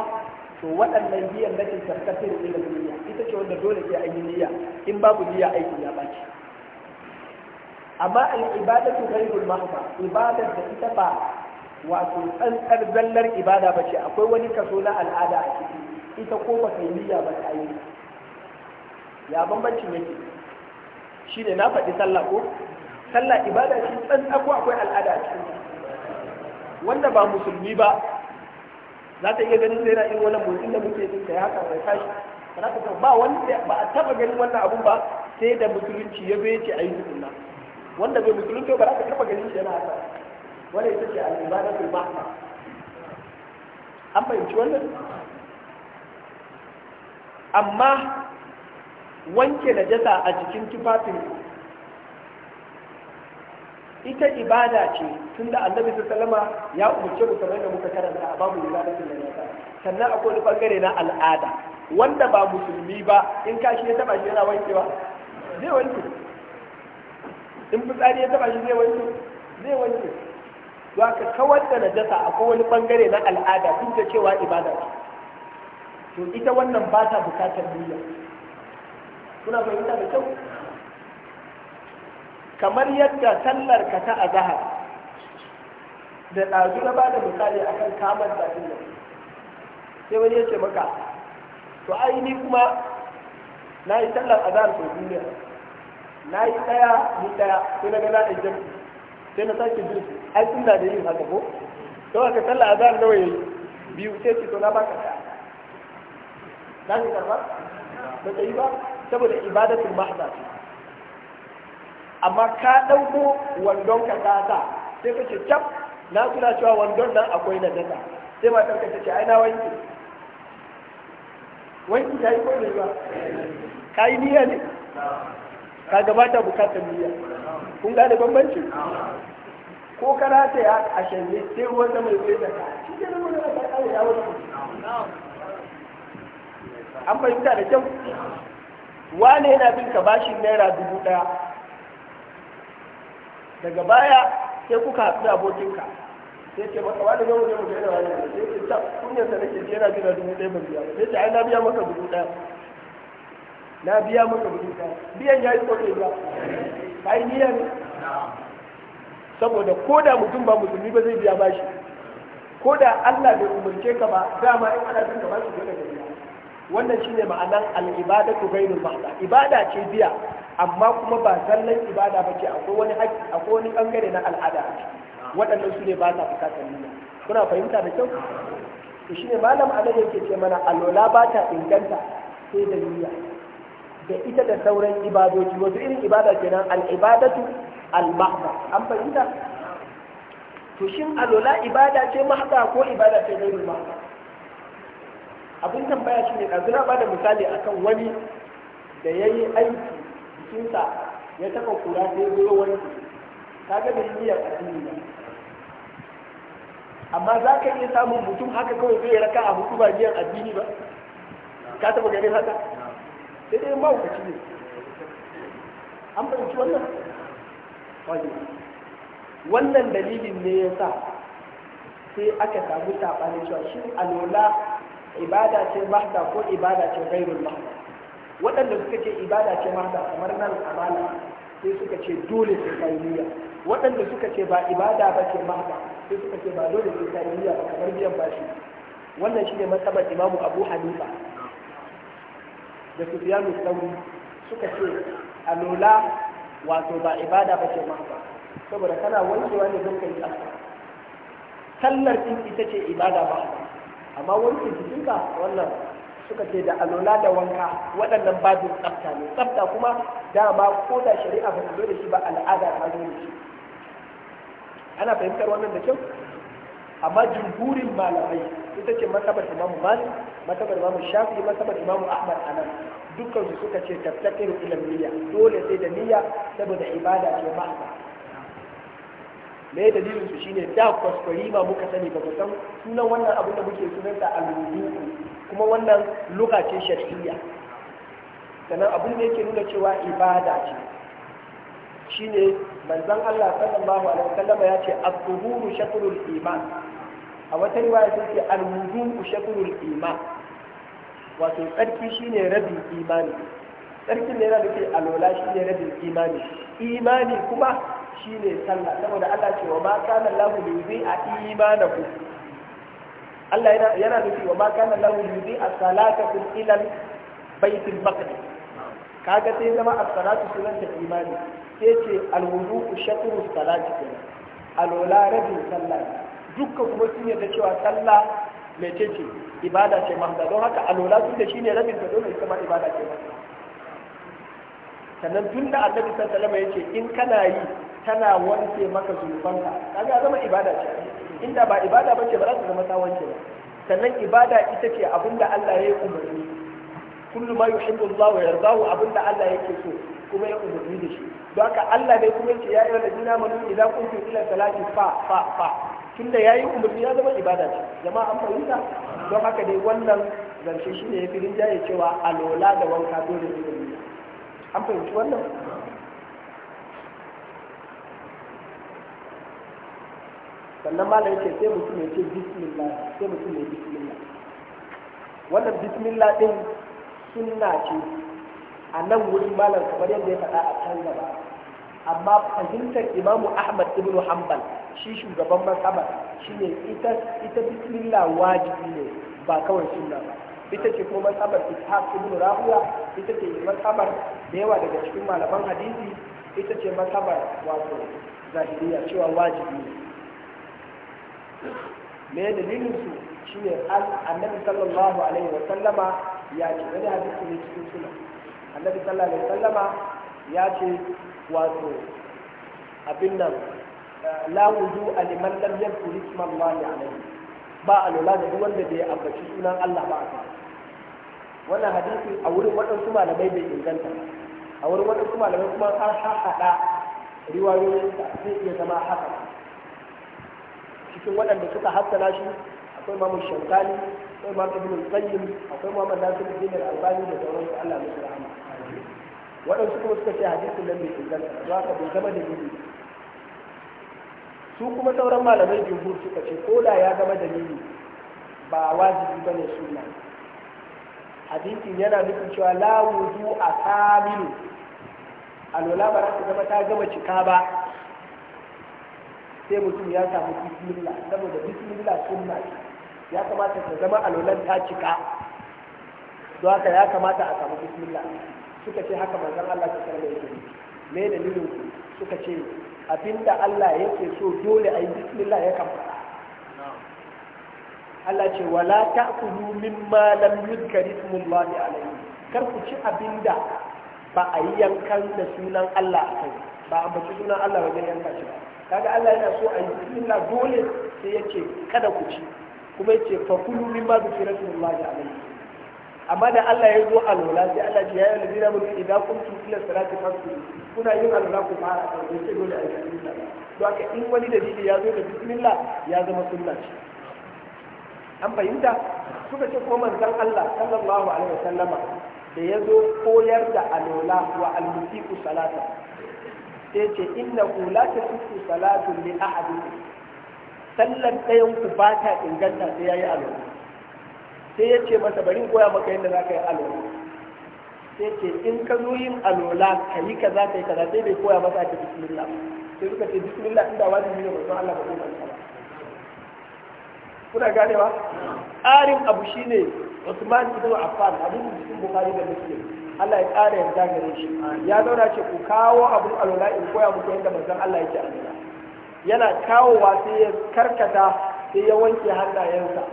to waɗannan biyan da ke tarkatar ila duniya ita ce wanda dole ke an yi niyya in babu niyya aiki ya baki. amma alibadatu ibadatu mahda ibadar da ita ba wato tsantsar zallar ibada ba ce akwai wani kaso na al'ada a ciki ita ko ba kai niyya ba ta yi ya bambancin yake ne na faɗi sallah ko sallah ibada shi tsantsa ko akwai al'ada a ciki wanda ba musulmi ba za ta iya ganin na irin wannan motsin da muke yi kai haka sai tashi kana ka ba wanda ba a taba ganin wannan abun ba sai da musulunci ya bai ce ayi sunna wanda bai musulunci ba za ka taba ganin shi yana haka Wani ita ce al'ibadatul bahra an fahimci wannan amma wanke na jasa a jikin tufafin ita ibada ce tun da annabi sallama ya umarce mu kamar da muka karanta a babu ibadatul najasa sannan akwai wani bangare na al'ada wanda ba musulmi ba in kashi ya taba shi yana wankewa zai wanke in fitsari ya taba shi zai wanke zai wanke za ka kawar da najasa akwai wani bangare na al'ada duk da cewa ibada ce to ita wannan ba ta bukatar niyya kuna fahimta da kyau kamar yadda sallar ka ta azaha da ɗazu na bada misali akan kamar da nan sai wani yace maka to ai ni kuma na yi sallar azahar sau duniya na yi ɗaya ni ɗaya sai na ga na ɗan sai na sake jin ai tun da yin haka ko to aka sallah azan nawa waye biyu sai ce to na baka da dan ka karba ba kai yi ba saboda ibadatul mahda amma ka dauko wandon ka ta sai ka ce cap na kula cewa wandon nan akwai na data sai ma ka ce ai na wanki, wanki ta yi ko da yi ba ka yi ne ka gabata bukatar niyya kun gane bambanci ko kana ta ya a shanye sai ruwan sama ya tsaye da ka shi ne wani rasa kawai ya an fahimta da kyau wane yana bin ka bashin naira dubu ɗaya daga baya sai kuka haɗu da abokinka sai ce maka wani yau ne mutum yana wani sai ce ta kunyar sa nake jera jira dubu daya ban biya sai ce ai na biya maka dubu ɗaya na biya maka dubu daya biyan ya yi tsoke ba ka ya ne saboda koda mutum ba musulmi ba zai biya bashi ko da Allah bai umarce ka ba dama in ana bin ka bashi dole ka biya wannan shine ma'anar al-ibadatu bainul ma'da ibada ce biya amma kuma ba zallan ibada ba ce akwai wani haƙƙi akwai wani bangare na al'ada waɗannan su ne ba sa bukatar niyya kuna fahimta da kyau to shine malam anan yake ce mana alola ba ta inganta sai da niyya da ita da sauran ibadoci wato irin ibada kenan al-ibadatu al mahda an fahimta to shin alola ibada ce mahda ko ibada ce gairu mahdha abin tambaya shi ne na ba da misali akan wani da ya yi aiki jikinsa ya taɓa kura da ya zo wani ta ga bai niyyar addini ba amma za ka iya samun mutum haka kawai zai raka a hudu ba niyyar addini ba ka taɓa ganin haka sai dai mahaukaci ne an fahimci wannan wajen wannan dalilin ne ya sa sai aka samu saɓanin cewa shi alola ibada ce mahda ko ibada ce gairun mahda waɗanda suka ce ibada ce mahda kamar nan amana sai suka ce dole sai ka waɗanda suka ce ba ibada ba ce mahda sai suka ce ba dole sai ka ba kamar biyan bashi wannan shi ne matsabar imamu abu hanifa da su sauri thawri suka ce a lola wato ba ibada ba ce maka saboda kana wankewa ne don kai asa, sallar din ita ce ibada ba amma wanke jikinka wannan suka ce da alola da wanka waɗannan babin tsafta ne tsafta kuma dama ko da shari'a ba zo da shi ba al'ada ta zo da shi ana fahimtar wannan da kyau amma jumhurin malamai ita ce masabar imamu malik masabar imamu shafi masabar imamu ahmad anan dukkan su suka ce tattakiru ila niyya dole sai da niyya saboda ibada ce mahsa me dalilin su shine da kwaskwari ma muka sani ba san sunan wannan abun da muke sunanta al-wudu kuma wannan luka ce shar'iyya sannan abu ne yake nuna cewa ibada ce shine manzon Allah sallallahu alaihi wasallam ya ce at-tuhuru shatrul iman a wata riwaya sai ce alwudu shakrul iman wato tsarki shine rabin imani tsarkin ne yana da alwala shine rabin imani imani kuma shine sallah saboda Allah ce wa ma kana lahu yuzi a ku Allah yana yana nufi wa ma kana lahu yuzi a salatakum ilal baitul maqdis kaga sai zama as-salatu sunan ta imani sai ce alwudu shakru salati alola rabin sallah dukka kuma sun yarda cewa sallah mai cece ibada ce mahda don haka alola sun da shine rabin da dole ita ma ibada ce mahda sannan tun da annabi sallallahu alaihi wasallam yace in kana yi tana wanke maka zunubanka kaga zama ibada ce inda ba ibada bace ba za ta zama ta wanke ba sannan ibada ita ce abinda Allah ya yi umarni kullu ma yuhibbu Allah wa yardahu abinda Allah yake so kuma ya umarni da shi don haka Allah ne kuma yace ya ayyuhal ladina amanu idza qumtum ila salati fa fa fa tunda ya yi umarni ya zama ibada ce jama'a an fahimta don haka dai wannan zance shi ne ya fi rinjaye cewa alola da wanka dole ne an fahimci wannan sannan malam yake sai mutum ya ce bismillah sai mutum ya bismillah wannan bismillah din sunna ce a nan wurin malam kamar yadda ya faɗa a can gaba amma fahimtar imamu ahmad ibn hanbal shi shugaban masaba shi ne ita bismillah wajibi ne ba kawai sunna ba ita ce kuma masabar ishaq ibn rahuya ita ce masabar da yawa daga cikin malaman hadisi ita ce masabar wato zahiriya cewa wajibi ne me dalilin su shine annabi sallallahu alaihi wa sallama ya ce wani hadisi ne cikin sunan annabi sallallahu alaihi wa sallama ya ce wato abin nan la wudu aliman lam yadkur isma Allah alayhi ba alula da duk wanda bai ambaci sunan Allah ba a wannan hadisi a wurin waɗansu malamai bai inganta a wurin waɗansu malamai kuma har haɗa riwayoyin da zai iya zama haka cikin waɗanda suka hassana shi akwai mamu shankali akwai mamu ibn al-qayyim akwai muhammad nasir bin al-albani da sauransu Allah musu rahama waɗansu kuma suka ce hadisin nan bai inganta ba ka bai zama da dalili su kuma sauran malamai jumhur suka ce ko da ya gama dalili ba wajibi ne suna. hadisin yana nufin cewa la wudu a kamilu alwala ba ta zama ta gama cika ba sai mutum ya samu bismillah saboda bismillah sunna ya kamata ta zama alwalan ta cika don haka ya kamata a samu bismillah suka ce haka manzon Allah ta sarrafa yake me dalilin ku suka ce abinda Allah yake so dole a yi bismillah ya kan faɗa Allah ce wala ta'kulu mimma lam yuzkar ismullahi alayhi kar ku ci abinda ba a yi yankan da sunan Allah a kai ba a baci sunan Allah wajen yanka shi ba kaga Allah yana so a yi bismillah dole sai yace kada ku ci kuma yace fa kulu mimma Allah ismullahi alayhi amma da Allah ya zo alwala sai Allah ya yi alladina mun idan kun tu ila salati fasulu kuna yin alwala ku fara a kan sai dole a yi bismillah don haka in wani dalili ya zo da bismillah ya zama sunna ce an fahimta suka ce ko manzon Allah sallallahu alaihi wasallama da ya zo koyar da alwala wa almusiku salata sai ce innahu la tasuku salatu li ahadin Sallar ɗayan ku ba ta inganta sai yayi alwala sai ya ce masa bari koya maka yadda za ka yi alola sai ce in ka zo yin alola ka yi kaza ka yi kaza sai bai koya masa ake bismillah sai suka ce bismillah inda wajibi ne ba Allah ba ko ba kuna gane ba? tsarin abu shine Usman ibn Affan da cikin Bukhari da Muslim Allah ya ƙara yarda gare shi ya zauna ce ku kawo abun alola in koya muku yadda manzon Allah yake alola yana kawowa sai ya karkata sai ya wanke hannayensa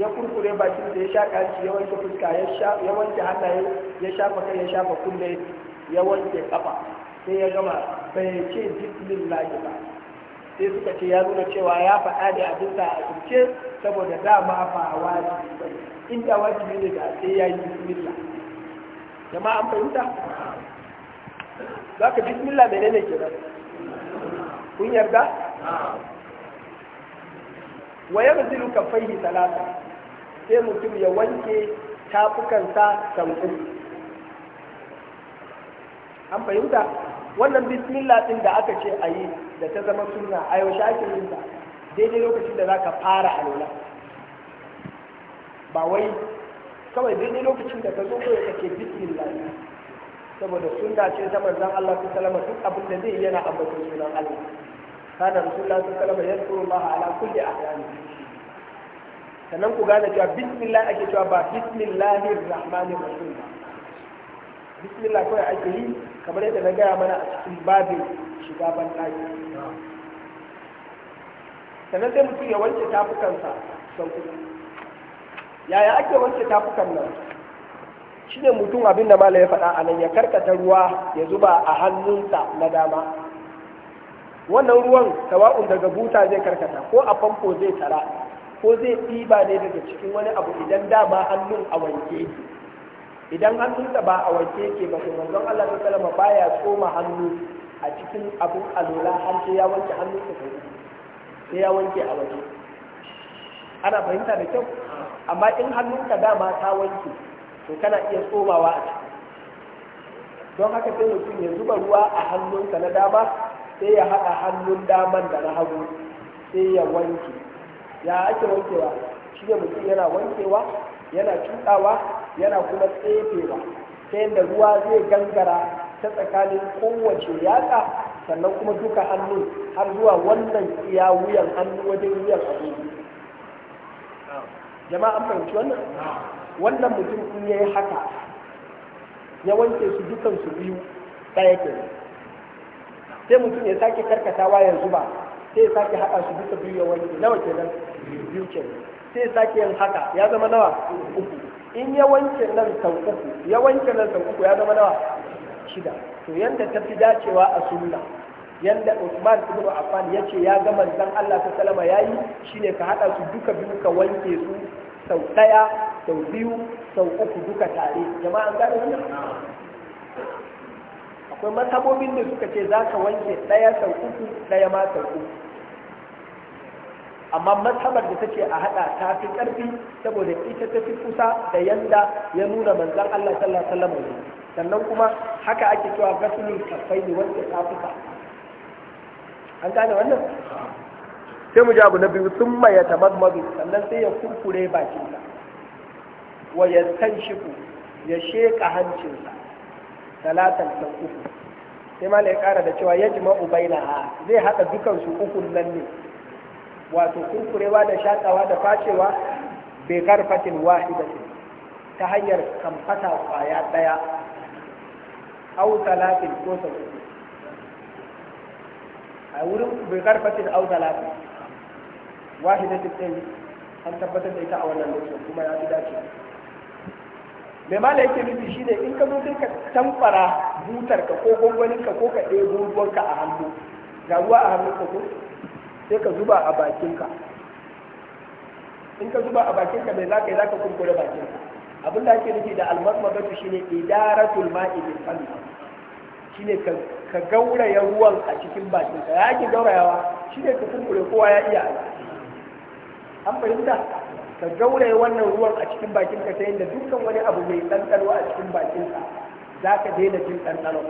ya kurkure bakin da ya shaƙa hanci ya wanke fuska ya wanke hannaye ya sha kai ya shafa kulle, ya wanke kafa sai ya gama bai ce bismillahi ba sai suka ce ya nuna cewa ya faɗa da abin sa a turce saboda dama ba wajibi ba inda wajibi ne da sai ya yi bismillah jama'a an fahimta za ka bismillah menene nan kun yarda wa yabzilu fahimta salata sai mutum ya wanke tafukansa sanku an fahimta wannan bismillah ɗin da aka ce a yi da ta zama suna a yaushe ake yin ta daidai lokacin da zaka fara lola. ba wai kawai daidai lokacin da ka zo kawai kake bismillah saboda suna ce ta manzon Allah su salama duk abin da zai yana ambaton sunan Allah kana rasulullah sallallahu alaihi wasallam yadkuru Allah ala kulli ahyani sannan ku gane cewa bismillah ake cewa ba bismillahir rahmanir rahim ba bismillah kawai ake yi kamar yadda na gaya mana a cikin babin shiga ban ɗaki sannan sai mutum ya wanke tafukansa sau uku yaya ake wanke tafukan nan shi ne mutum abin da mala ya faɗa a nan ya karkata ruwa ya zuba a hannunsa na dama wannan ruwan tawa'un daga buta zai karkata ko a famfo zai tara ko zai ba ne daga cikin wani abu idan da ba hannun a wanke ke idan hannunsa ba a wanke ke ba to manzon Allah ta kalama baya tsoma hannu a cikin abin alola har sai ya wanke hannunsa sau sai ya wanke a waje ana fahimta da kyau amma in hannunka dama ta wanke to kana iya tsomawa a ciki don haka sai mutum ya zuba ruwa a hannunsa na dama sai ya haɗa hannun daman da na hagu sai ya wanke ya ake wankewa shi ne mutum yana wankewa yana cuɗawa yana kuma tsefewa ta yadda ruwa zai gangara ta tsakanin kowace yatsa sannan kuma duka hannu, har zuwa wannan iya wuyan hannu wajen wuyan abu jama'a an wannan wannan mutum in ya yi haka ya wanke su dukansu biyu ɗaya ke sai mutum ya sake karkatawa yanzu zuba. sai sake haɗa su duka biyu ya wanke nawa kenan biyu kenan sai sake yin haka ya zama nawa uku in ya wanke nan sau uku ya wanke nan sau uku ya zama nawa shida to yanda ta fi dacewa a sunna yanda Usman ibn Affan yace ya gama manzon Allah ta salama yayi shine ka haɗa su duka biyu ka wanke su sau ɗaya sau biyu sau uku duka tare jama'an gane wannan to masabobin da suka ce za ka wanke ɗaya sau uku ɗaya ma sau uku amma mazhabar da take a haɗa ta fi karfi saboda ita ta fi kusa da yanda ya nuna manzon Allah sallallahu alaihi wasallam sannan kuma haka ake cewa kafai ne wanda ta fuka an gane wannan sai mu ji abu na biyu sun ta tamadmadu sannan sai ya kurkure bakinsa wa ya tanshiku ya sheka hancinsa salatan ta uku sai ma ya kara da cewa ubaina ha zai haɗa su ukun nan ne wato kurkurewa da shakawa da facewa bai karfatin wahidati ta hanyar kamfata kwaya ɗaya au talatin ko sau a wurin bai karfatin au talatin wahidatin ɗin an tabbatar da ita a wannan lokacin kuma ya fi dace mai mala yake nufi shi ne in ka zo sai ka tamfara butarka ko ka ko ka ɗebo ka a hannu ga ruwa a ka ko sai ka zuba a bakinka in ka zuba a bakinka mai zaka yi zaka da bakinka abin da ake nufi da shi shine idaratul ma'i bil qalbi shine ka ka gauraya ruwan a cikin bakinka ya ake gaurayawa shine ka kurkure kowa ya iya an fahimta ka gauraya wannan ruwan a cikin bakinka ta yadda dukkan wani abu mai ɗanɗano a cikin bakinka za ka daina jin ɗanɗano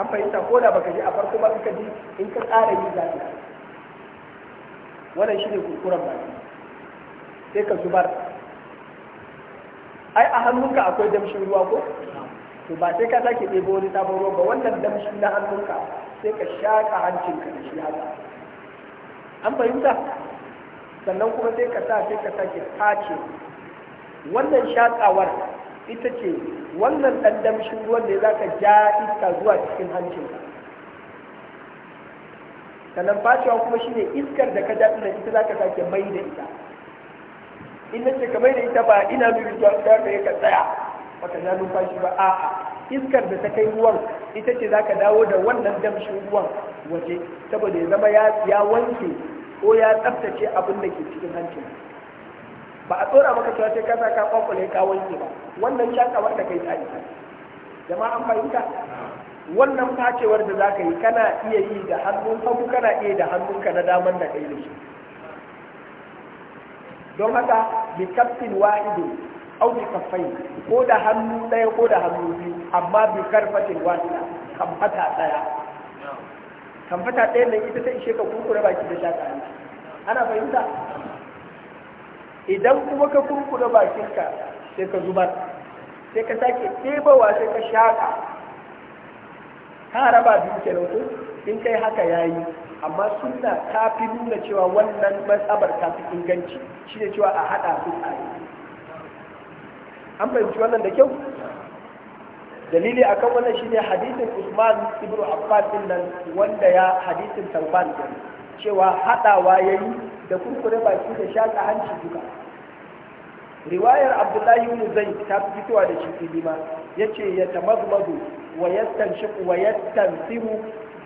an fahimta ko da baka ji a farko ba in ka ji in ka ƙara yi za ka wannan shi ne kurkuren baki sai ka zubar ai a hannunka akwai damshin ruwa ko to ba sai ka sake ɗebo wani sabon ruwa ba wannan damshin na hannunka sai ka shaƙa hancinka da shi haka an fahimta sannan kuma sai ka sa sai ka sake tace wannan shatsawar ita ce wannan ɗan damshin ruwan da za ka ja iska zuwa cikin hancin sannan fashewa kuma shine iskar da ka ja ɗin ita za ka sake mai da ita in ce ka mai da ita ba ina nuri zuwa ka ka tsaya baka ja numfashi ba a'a iskar da ta kai ruwan ita ce za ka dawo da wannan damshin ruwan waje saboda ya zama ya wanke ko ya tsaftace abin da ke cikin hancin ba a tsora maka cewa sai kasa ka kwakwale ka wanke ba wannan shakawar da kai ta jama'a an fahimta wannan facewar da zaka yi kana iya yi da hannun hagu kana iya da hannunka na damar da kai da shi don haka bi kaftin wahidin au bi kafai ko da hannu ɗaya ko da hannu biyu amma bi karfatin wahida kan fata ɗaya kamfata ɗaya nan ita ta ishe ka kurkure baki da shaƙa ne ana fahimta idan kuma ka kurkure bakinka sai ka zubar sai ka sake ɗebawa sai ka shaƙa ka raba biyu kenan ko in kai haka ya yi. amma suna ta fi nuna cewa wannan matsabar ta fi inganci shi ne cewa a haɗa su yi. an fahimci wannan da kyau dalili akan wannan shine hadisin Usman ibn Affan din nan wanda ya hadisin Tawban din cewa hadawa yayi da kurkure baki da shaka hanci duka riwayar Abdullahi ibn zai ta fitowa da shi filima yace ya tamazmazu wa yastanshiqu wa yastansiru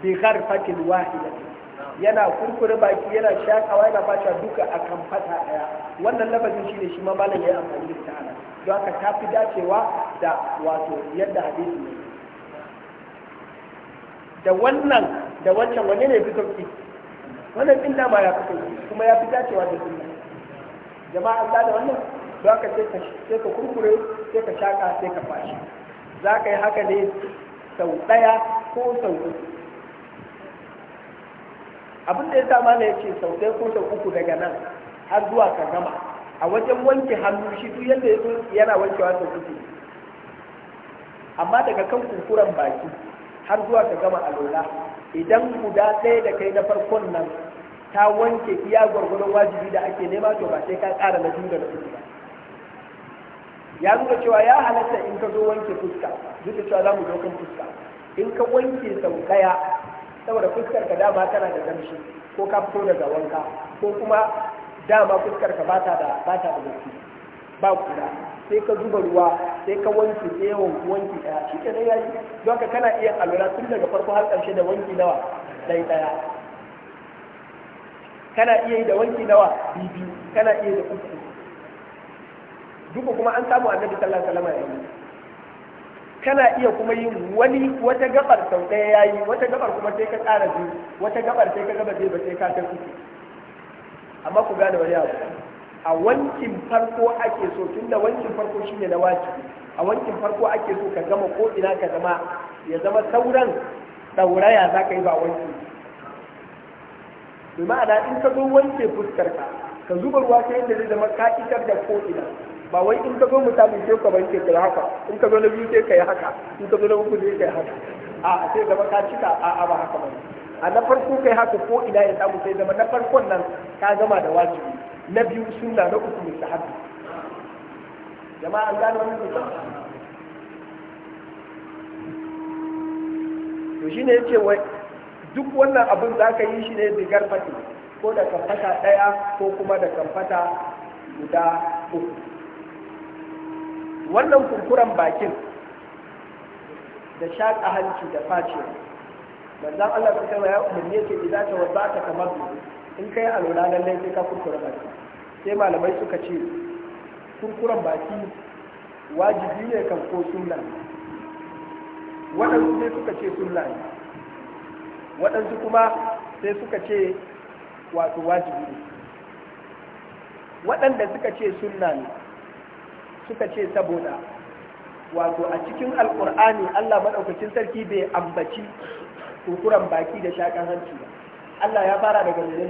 bi gharfatin wahida yana kurkure baki yana shakawa yana fata duka akan fata daya wannan lafazin shine shi ma malam ya amfani da ta'ala don haka ta fi dacewa da wato yadda hadisi ne da wannan da wancan wani ne fi sauki wannan din dama ya fi sauki kuma ya fi dacewa da sunna jama'a an da wannan don haka sai ka kurkure sai ka shaka sai ka fashi za ka yi haka ne sau ɗaya ko sau uku abin da ya sa ne ya ce sau daya ko sau uku daga nan har zuwa ka gama a wajen wanke hannu shi duk yadda ya yana wanke sau kuke amma daga kan kunkuran baki har zuwa ka gama alola idan guda ɗaya da kai na farkon nan ta wanke iya gwargwadon wajibi da ake nema to ba sai ka ƙara na biyu da ba ya nuna cewa ya halatta in ka zo wanke fuska duk da cewa za mu zo fuska in ka wanke sau ɗaya saboda fuskar ka dama tana da damshi ko ka fito daga wanka ko kuma dama fuskar ka ba ta da ba ta da gaske ba kura sai ka zuba ruwa sai ka wanke sai yawan wanki daya shi ke nan yayi don ka kana iya alwala tun daga farko har ƙarshe da wanki nawa dai daya kana iya yi da wanki nawa bibi kana iya yi da uku duka kuma an samu annabi sallallahu alaihi wasallam yayi kana iya kuma yin wani wata gabar sau ɗaya yayi wata gabar kuma sai ka tsara biyu wata gabar sai ka gaba sai ba sai ka kai uku amma ku gane wani abu a wankin farko ake so tun da wankin farko ne na wajibi a wankin farko ake so ka gama ko ina ka zama ya zama sauran dauraya za ka yi ba wanki bi ma'ana in ka zo wanke fuskar ka ka zuba ruwa ta yadda zai zama ka da ko ina ba wai in ka zo misali sai ka wanke ka haka in ka zo na biyu sai ka yi haka in ka zo na uku sai ka yi haka a sai zama ka cika a ba haka ba a na farko kai haka ko ina ya samu sai zama na farkon nan ka gama da wajibi na biyu sunna na uku mai jama'a an gano wannan sosai to shi ne yake wai duk wannan abin za ka yi shi ne bigar garfati ko da kamfata ɗaya ko kuma da kamfata guda uku wannan kurkuren bakin da shaƙa hanci da faciya manzan Allah su kai ya umarni yake idan ta wasa ta kamar in kai lura lallai sai ka kurkura baki sai malamai suka ce kurkuran baki wajibi ne kan ko sunna waɗansu sai suka ce sunna ne waɗansu kuma sai suka ce wato wajibi ne waɗanda suka ce sunna ne suka ce saboda wato a cikin alƙur'ani Allah maɗaukacin sarki bai ambaci kurkuran baki da shakan hanci ba Allah ya fara daga ne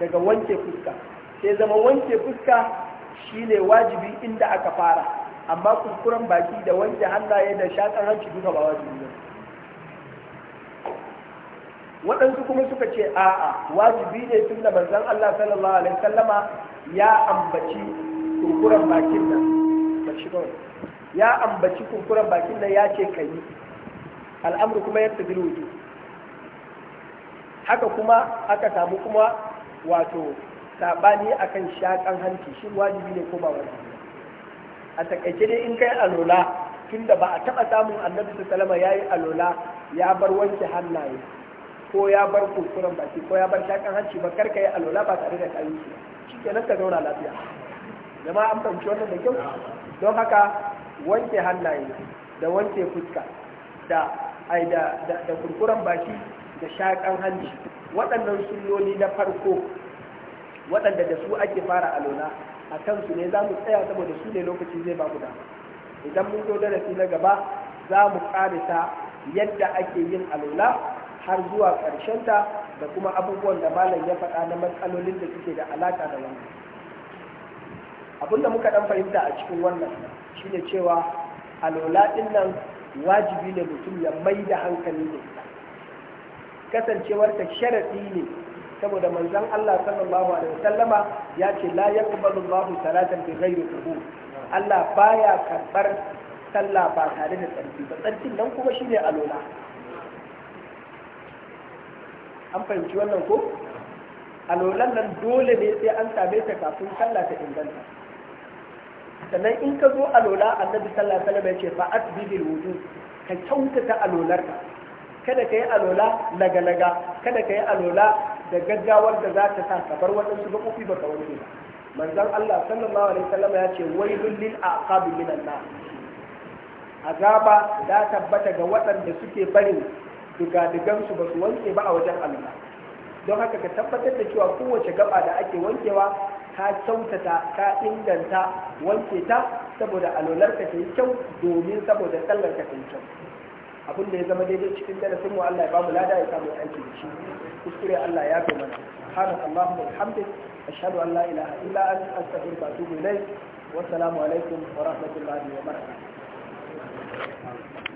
daga wanke fuska sai zama wanke fuska shine wajibi inda aka fara amma kurkuran baki da wanke hannaye da shakan hanci duka ba wajibi ne waɗansu kuma suka ce a'a wajibi ne tun da manzon Allah sallallahu alaihi wasallama ya ambaci kurkuran bakin nan ya ambaci kurkuran bakin nan ya ce kai al'amru kuma yadda wuce. haka kuma aka samu kuma wato saɓani akan shaƙan hanci shi wajibi ne ko ba wajibi a takaice dai in kai alola tunda ba a taɓa samun annabi salama ya yi alola ya bar wanke hannaye ko ya bar kurkuren baki ko ya bar shakan hanci ba karka yi alola ba tare da kayi shi shi nan ka zauna lafiya zama an fahimci wannan da kyau don haka wanke hannaye da wanke fuska da ai da da kurkuran baki da shakan hanci waɗannan sunnoni na farko waɗanda da su ake fara alona a kansu ne za mu tsaya saboda su ne lokaci zai ba mu idan mun zo darasi na gaba za mu ƙarisa yadda ake yin alona har zuwa ta da kuma abubuwan da malam ya faɗa na matsalolin da suke da alaƙa da wannan abin da muka ɗan fahimta a cikin wannan shine cewa alola ɗin nan wajibi ne mutum ya mai da hankali da ita kasancewarta sharaɗi ne saboda manzon Allah sallallahu alaihi wasallama ya ce la yaqbalu Allahu salatan bi ghairi qubul Allah baya karbar sallah ba tare da tsarki ba tsarki nan kuma shine alola an fahimci wannan ko alolan nan dole ne sai an same ta kafin sallah ta inganta sannan in ka zo a alola annabi sallallahu alaihi wasallam ya ce fa asbibil wudu ka kyautata alolarka kada ka yi alola laga-laga kada ka yi alola da gaggawar da za ta sa ka bar waɗansu ga kofi ba ka wani ba manzon Allah sallallahu alaihi wasallam ya ce wailul lil aqab minan nar azaba da tabbata ga waɗanda suke barin digadigan su ba su wanke ba a wajen Allah don haka ka tabbatar da cewa kowace gaba da ake wankewa ka kyautata ka inganta wanke ta saboda ka ta yi kyau domin saboda ka ta yi kyau abin da ya zama daidai cikin darasin mu Allah ya mu lada ya samu aiki da shi kuskure Allah ya kai mana subhanak allahumma bihamdik ashhadu an la ilaha illa anta astaghfiruka wa atubu ilayk wa assalamu alaikum wa rahmatullahi wa barakatuh